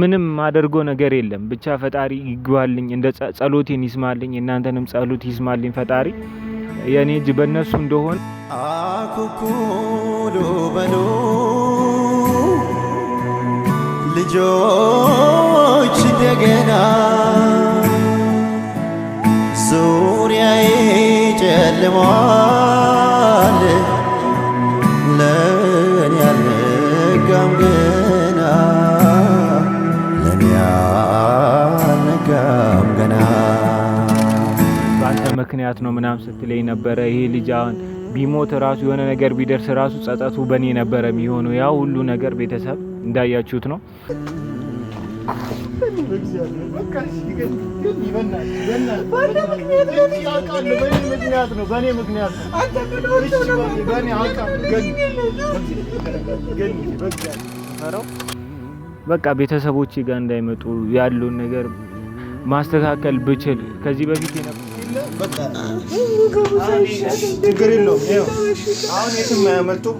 ምንም አደርጎ ነገር የለም። ብቻ ፈጣሪ ይግባልኝ፣ እንደ ጸሎቴን ይስማልኝ፣ እናንተንም ጸሎት ይስማልኝ ፈጣሪ። የእኔ እጅ በእነሱ እንደሆን አኩኩሉ በሉ ልጆች ደገና ምክንያት ነው ምናምን ስትለኝ ነበረ። ይሄ ልጅ አሁን ቢሞት ራሱ የሆነ ነገር ቢደርስ ራሱ ጸጠቱ በእኔ ነበረ የሚሆነው። ያ ሁሉ ነገር ቤተሰብ እንዳያችሁት ነው። በቃ ቤተሰቦች ጋር እንዳይመጡ ያለውን ነገር ማስተካከል ብችል ከዚህ በፊት የለ ችግር የለውም። አሁን የትም አያመልጡም።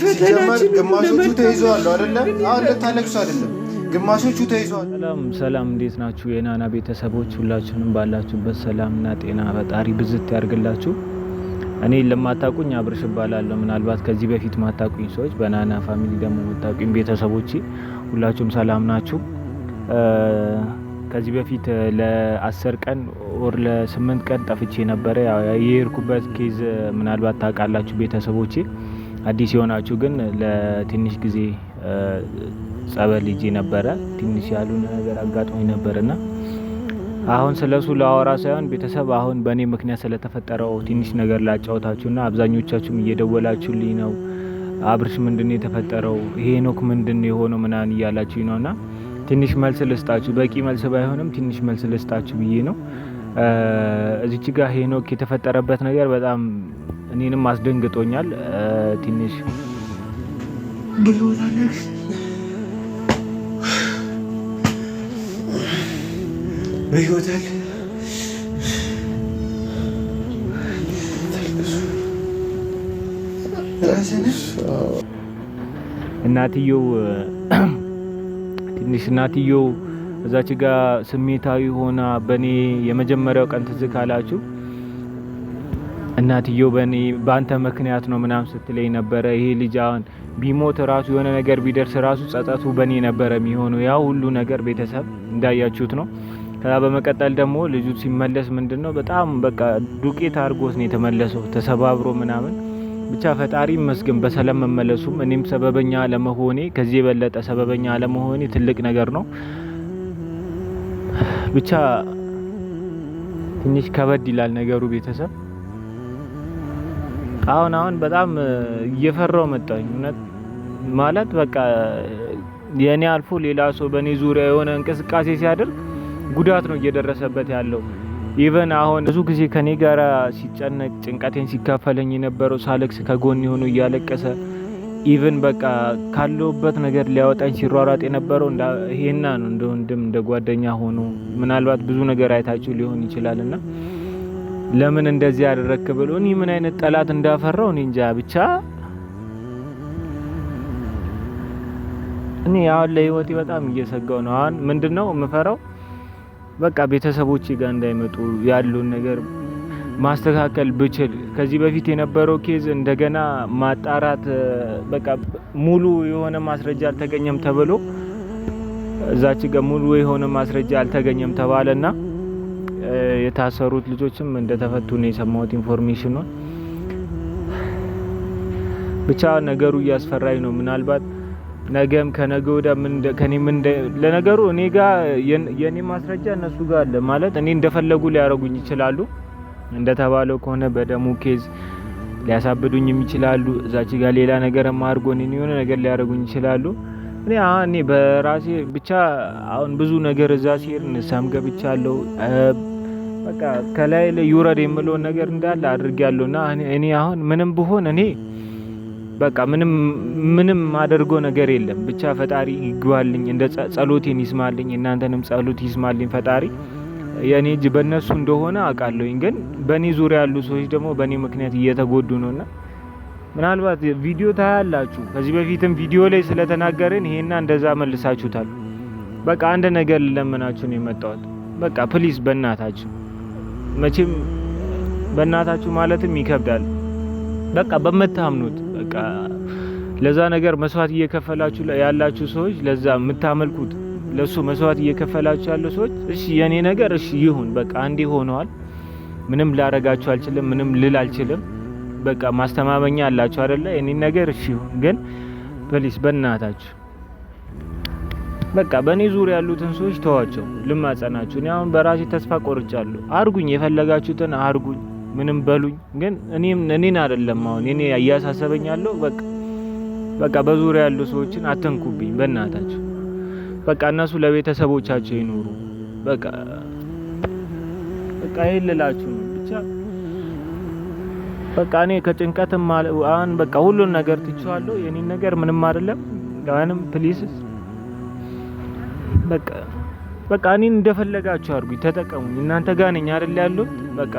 ሲጀመር ግማሾቹ ተይዘዋል አይደለ? አሁን ልታለቅሱ አይደለም ግማሾቹ ተይዘዋል። ሰላም ሰላም፣ እንዴት ናችሁ የናና ቤተሰቦች? ሁላችሁንም ባላችሁበት ሰላምና ጤና ፈጣሪ ብዝት ያርግላችሁ። እኔ ለማታቁኝ አብርሽ እባላለሁ። ምናልባት ከዚህ በፊት ማታቁኝ ሰዎች በናና ፋሚሊ ደግሞ የምታቁኝ ቤተሰቦቼ ሁላችሁም ሰላም ናችሁ። ከዚህ በፊት ለአስር ቀን ወር ለስምንት ቀን ጠፍቼ ነበረ። የሄድኩበት ኬዝ ምናልባት ታውቃላችሁ ቤተሰቦቼ። አዲስ የሆናችሁ ግን ለትንሽ ጊዜ ጸበል ሄጄ ነበረ። ትንሽ ያሉን ነገር አጋጥሞኝ ነበርና አሁን ስለሱ ለአወራ ሳይሆን ቤተሰብ አሁን በእኔ ምክንያት ስለተፈጠረው ትንሽ ነገር ላጫወታችሁና አብዛኞቻችሁም እየደወላችሁልኝ ነው። አብርሽ ምንድን ነው የተፈጠረው? ሄኖክ ምንድን ነው የሆነው? ምናምን እያላችሁኝ ነውና ትንሽ መልስ ልስጣችሁ። በቂ መልስ ባይሆንም ትንሽ መልስ ልስጣችሁ ብዬ ነው። እዚች ጋር ሄኖክ የተፈጠረበት ነገር በጣም እኔንም አስደንግጦኛል። ትንሽ እናትየው እናትየው እዛች ጋ ስሜታዊ ሆና በእኔ የመጀመሪያው ቀን ትዝ ካላችሁ በኔ በእኔ በአንተ ምክንያት ነው ምናም ስትለኝ ነበረ። ይሄ ልጅ አሁን ቢሞት ራሱ የሆነ ነገር ቢደርስ ራሱ ጸጸቱ በእኔ ነበረ የሚሆነው። ያ ሁሉ ነገር ቤተሰብ እንዳያችሁት ነው። ከዛ በመቀጠል ደግሞ ልጁ ሲመለስ ምንድን ነው በጣም በቃ ዱቄት አድርጎት ነው የተመለሰው ተሰባብሮ ምናምን ብቻ ፈጣሪ ይመስገን በሰላም መመለሱም እኔም ሰበበኛ ለመሆኔ ከዚህ የበለጠ ሰበበኛ ለመሆኔ ትልቅ ነገር ነው። ብቻ ትንሽ ከበድ ይላል ነገሩ ቤተሰብ። አሁን አሁን በጣም እየፈራው መጣኝ እውነት ማለት በቃ የኔ አልፎ ሌላ ሰው በኔ ዙሪያ የሆነ እንቅስቃሴ ሲያደርግ ጉዳት ነው እየደረሰበት ያለው። ኢቨን አሁን ብዙ ጊዜ ከኔ ጋር ሲጨነቅ ጭንቀቴን ሲካፈለኝ የነበረው ሳለክስ ከጎን የሆኑ እያለቀሰ ኢቨን በቃ ካለውበት ነገር ሊያወጣኝ ሲሯሯጥ የነበረው ይሄና ነው። እንደ ወንድም እንደ ጓደኛ ሆኖ ምናልባት ብዙ ነገር አይታችሁ ሊሆን ይችላል እና ለምን እንደዚህ ያደረክ ብሎ እኔ ምን አይነት ጠላት እንዳፈራው እኔ እንጃ ብቻ እኔ አሁን ለህይወቴ በጣም እየሰጋው ነው። አሁን ነው የምፈራው በቃ ቤተሰቦች ጋር እንዳይመጡ ያለውን ነገር ማስተካከል ብችል ከዚህ በፊት የነበረው ኬዝ እንደገና ማጣራት በቃ ሙሉ የሆነ ማስረጃ አልተገኘም ተብሎ እዛች ጋር ሙሉ የሆነ ማስረጃ አልተገኘም ተባለና የታሰሩት ልጆችም እንደተፈቱ ነው የሰማሁት ኢንፎርሜሽኑን። ብቻ ነገሩ እያስፈራኝ ነው ምናልባት ነገም ከነገ ወዲያ ምን ከኔ ምን ለነገሩ እኔ ጋር የኔ ማስረጃ እነሱ ጋር አለ ማለት እኔ እንደፈለጉ ሊያረጉኝ ይችላሉ። እንደተባለው ከሆነ በደሙ ኬዝ ሊያሳብዱኝም ይችላሉ። እዛች ጋር ሌላ ነገር ማርጎ እኔ የሆነ ነገር ሊያረጉኝ ይችላሉ። እኔ እኔ በራሴ ብቻ አሁን ብዙ ነገር እዛ ሲሄድ ንስሐም ገብቻለሁ። በቃ ከላይ ላይ ይውረድ የምለውን ነገር እንዳለ አድርጌያለሁና እኔ አሁን ምንም ብሆን እኔ በቃ ምንም ምንም ማደርጎ ነገር የለም። ብቻ ፈጣሪ ይግባልኝ፣ እንደ ጸሎቴን ይስማልኝ፣ እናንተንም ጸሎት ይስማልኝ ፈጣሪ። የኔ እጅ በእነሱ እንደሆነ አውቃለሁኝ፣ ግን በእኔ ዙሪያ ያሉ ሰዎች ደግሞ በእኔ ምክንያት እየተጎዱ ነውና ምናልባት ቪዲዮ ታያላችሁ። ከዚህ በፊትም ቪዲዮ ላይ ስለተናገርን ይሄና እንደዛ መልሳችሁታል። በቃ አንድ ነገር ልለምናችሁ ነው የመጣሁት። በቃ ፕሊስ፣ በእናታችሁ መቼም በእናታችሁ ማለትም ይከብዳል። በቃ በምታምኑት ለዛ ነገር መስዋዕት እየከፈላችሁ ያላችሁ ሰዎች ለዛ የምታመልኩት ለሱ መስዋዕት እየከፈላችሁ ያለ ሰዎች እሺ፣ የኔ ነገር እሺ ይሁን፣ በቃ አንዴ ሆነዋል። ምንም ላረጋችሁ አልችልም፣ ምንም ልል አልችልም። በቃ ማስተማመኛ አላችሁ አይደለ? የኔ ነገር እሺ ይሁን፣ ግን ፕሊስ በእናታችሁ በቃ በእኔ ዙሪያ ያሉትን ሰዎች ተዋቸው፣ ልማጸናችሁ። እኔ አሁን በራሴ ተስፋ ቆርጫለሁ። አርጉኝ፣ የፈለጋችሁትን አርጉኝ። ምንም በሉኝ። ግን እኔም እኔን አይደለም አሁን እኔ እያሳሰበኝ ያለው በቃ በቃ በዙሪያ ያሉ ሰዎችን አተንኩብኝ፣ በእናታቸው በቃ እነሱ ለቤተሰቦቻቸው ይኖሩ። በቃ በቃ ይልላችሁ ነው ብቻ በቃ እኔ ከጭንቀት አሁን በቃ ሁሉን ነገር ትችዋለሁ። የኔን ነገር ምንም አይደለም። አሁንም ፕሊስ በቃ በቃ እኔን እንደፈለጋችሁ አድርጉኝ፣ ተጠቀሙኝ። እናንተ ጋር ነኝ አይደል ያሉት በቃ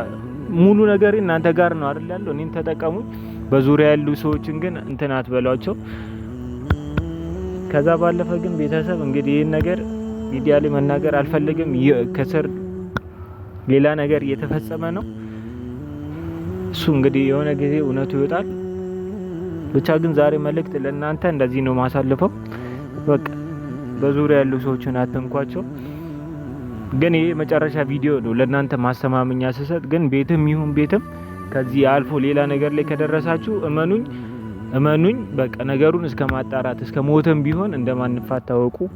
ሙሉ ነገር እናንተ ጋር ነው አይደል ያለው። እኔን ተጠቀሙኝ። በዙሪያ ያሉ ሰዎችን ግን እንትን አትበሏቸው። ከዛ ባለፈ ግን ቤተሰብ እንግዲህ ይህን ነገር ሚዲያ ላይ መናገር አልፈልግም። ከስር ሌላ ነገር እየተፈጸመ ነው። እሱ እንግዲህ የሆነ ጊዜ እውነቱ ይወጣል። ብቻ ግን ዛሬ መልእክት ለእናንተ እንደዚህ ነው ማሳልፈው። በቃ በዙሪያ ያሉ ሰዎችን አትንኳቸው። ግን ይሄ መጨረሻ ቪዲዮ ነው ለእናንተ ማስተማመኛ ስሰጥ። ግን ቤትም ይሁን ቤትም ከዚህ አልፎ ሌላ ነገር ላይ ከደረሳችሁ እመኑኝ እመኑኝ በቃ ነገሩን እስከ ማጣራት እስከ ሞትም ቢሆን እንደማንፋት ታወቁ።